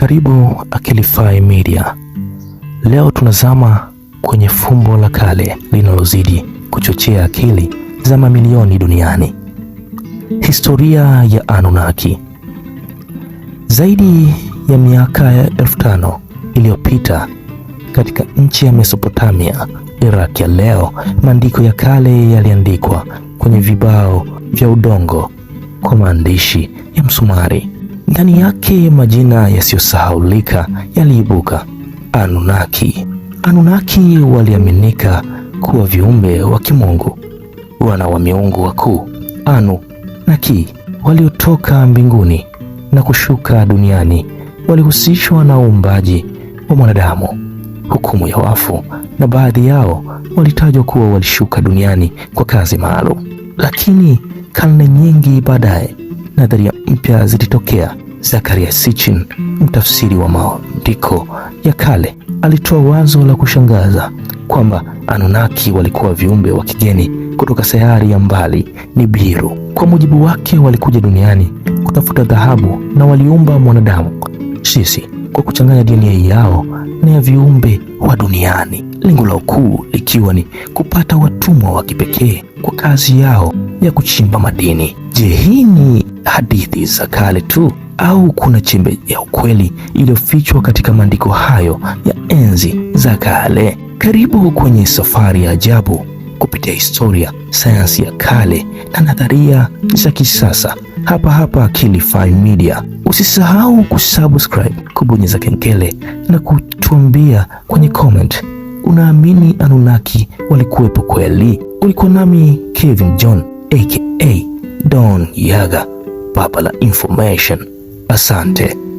Karibu Akilify Media. Leo tunazama kwenye fumbo la kale linalozidi kuchochea akili za mamilioni duniani, historia ya Anunnaki. Zaidi ya miaka ya elfu tano iliyopita katika nchi ya Mesopotamia, Iraq ya leo, maandiko ya kale yaliandikwa kwenye vibao vya udongo kwa maandishi ya msumari. Ndani yake majina yasiyosahaulika yaliibuka: anunaki anunaki waliaminika kuwa viumbe wa kimungu, wana wa miungu wakuu Anu na Ki, waliotoka mbinguni na kushuka duniani. Walihusishwa na uumbaji wa mwanadamu, hukumu ya wafu, na baadhi yao walitajwa kuwa walishuka duniani kwa kazi maalum. Lakini karne nyingi baadaye nadharia mpya zilitokea. Zakaria Sitchin, mtafsiri wa maandiko ya kale, alitoa wazo la kushangaza kwamba anunaki walikuwa viumbe wa kigeni kutoka sayari ya mbali Nibiru. Kwa mujibu wake, walikuja duniani kutafuta dhahabu na waliumba mwanadamu sisi kwa kuchanganya DNA yao na ya viumbe wa duniani, lengo lao kuu likiwa ni kupata watumwa wa kipekee kwa kazi yao ya kuchimba madini. Je, hii ni hadithi za kale tu au kuna chembe ya ukweli iliyofichwa katika maandiko hayo ya enzi za kale? Karibu kwenye safari ya ajabu kupitia historia, sayansi ya kale na nadharia za kisasa, hapa hapa Kilify Media. Usisahau kusubscribe, kubonyeza kengele na kutuambia kwenye comment, unaamini Anunnaki walikuwepo kweli? Ulikuwa nami Kevin John aka Don Yaga. Papa la Information. Asante.